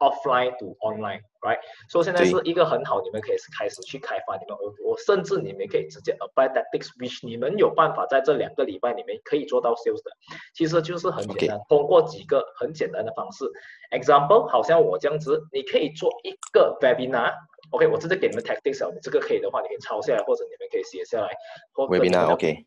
offline 到 online，right，o、so、所以現在是一個很好，對你們可以開始去開發。你們我甚至你們可以直接 apply tactics，which 你們有辦法，在這兩個禮拜裏面可以做到 sales 的。其實就是很簡單，okay. 通過幾個很簡單的方式。example，好像我這樣子，你可以做一個 webinar。OK，我直接給你們 tactics 啊，你這個可以的話，你可以抄下來，或者你們可以寫下來。webinar 他 OK。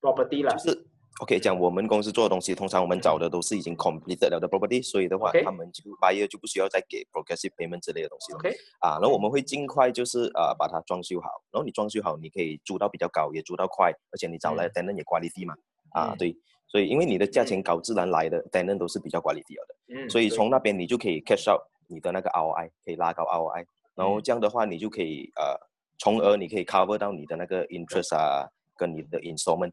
property 啦，就是，OK，講我們公司做的東西，通常我們找的都是已經 complete 咗的 property，所以的話，Okay. 他們就 buyer 就不需要再給 progressive payment 之類的東西了。OK，啊，uh, 然後我們會盡快就是呃、uh, 把它裝修好，然後你裝修好，你可以租到比較高，也租到快，而且你找來 tenant 也 quality 嘛。啊，mm. uh, 對，所以因為你的價錢高，自然來的、mm. tenant 都是比較 quality 嘅，mm. 所以從那邊你就可以 cash out 你的那個 ROI，可以拉高 ROI，然後這樣的話，你就可以呃、uh, 從而你可以 cover 到你的那個 interest 啊，Right. 跟你的 installment。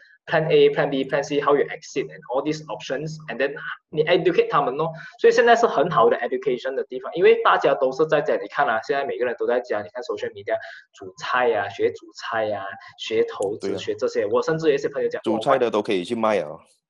plan A plan B plan C，how you exit and all these options，and then 你 educate 他們咯，所以現在是很好的 education 的地方，因為大家都是在家，你看啦、啊，現在每個人都在家，你看 social media，煮菜呀、啊，學煮菜呀、啊，學投資、啊、學這些，我甚至有些朋友講煮菜的都可以去賣啊。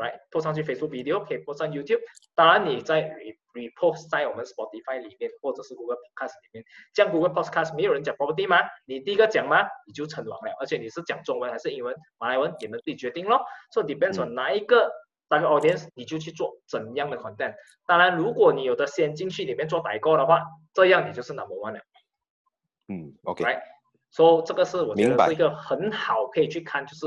Right，post 上去 Facebook video 可以 post 上 YouTube，當然你在 repost re 在我們 Spotify 裏面，或者是 Google Podcast 裏面，這樣 Google Podcast 沒有人講 blog 嗎？你第一個講嗎？你就成王了，而且你是講中文還是英文、馬來文，由你自己決定咯。所、so、以 depends on、嗯、哪一個哪個 audience，你就去做怎樣的 content。當然，如果你有的先進去裏面做代購的話，這樣你就是 number one 啦。嗯，OK。Right，所以這個是我覺得明白是一個很好可以去看，就是。